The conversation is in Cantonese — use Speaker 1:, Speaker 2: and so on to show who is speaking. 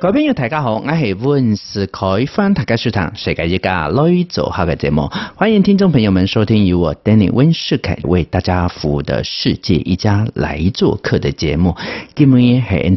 Speaker 1: 各位朋友大家好，我係溫士凱翻大家書堂世界一家來做客嘅節目，歡迎聽眾朋友們收聽由我 Danny 溫士凱為大家服務的世界一家來做客的節目，今日係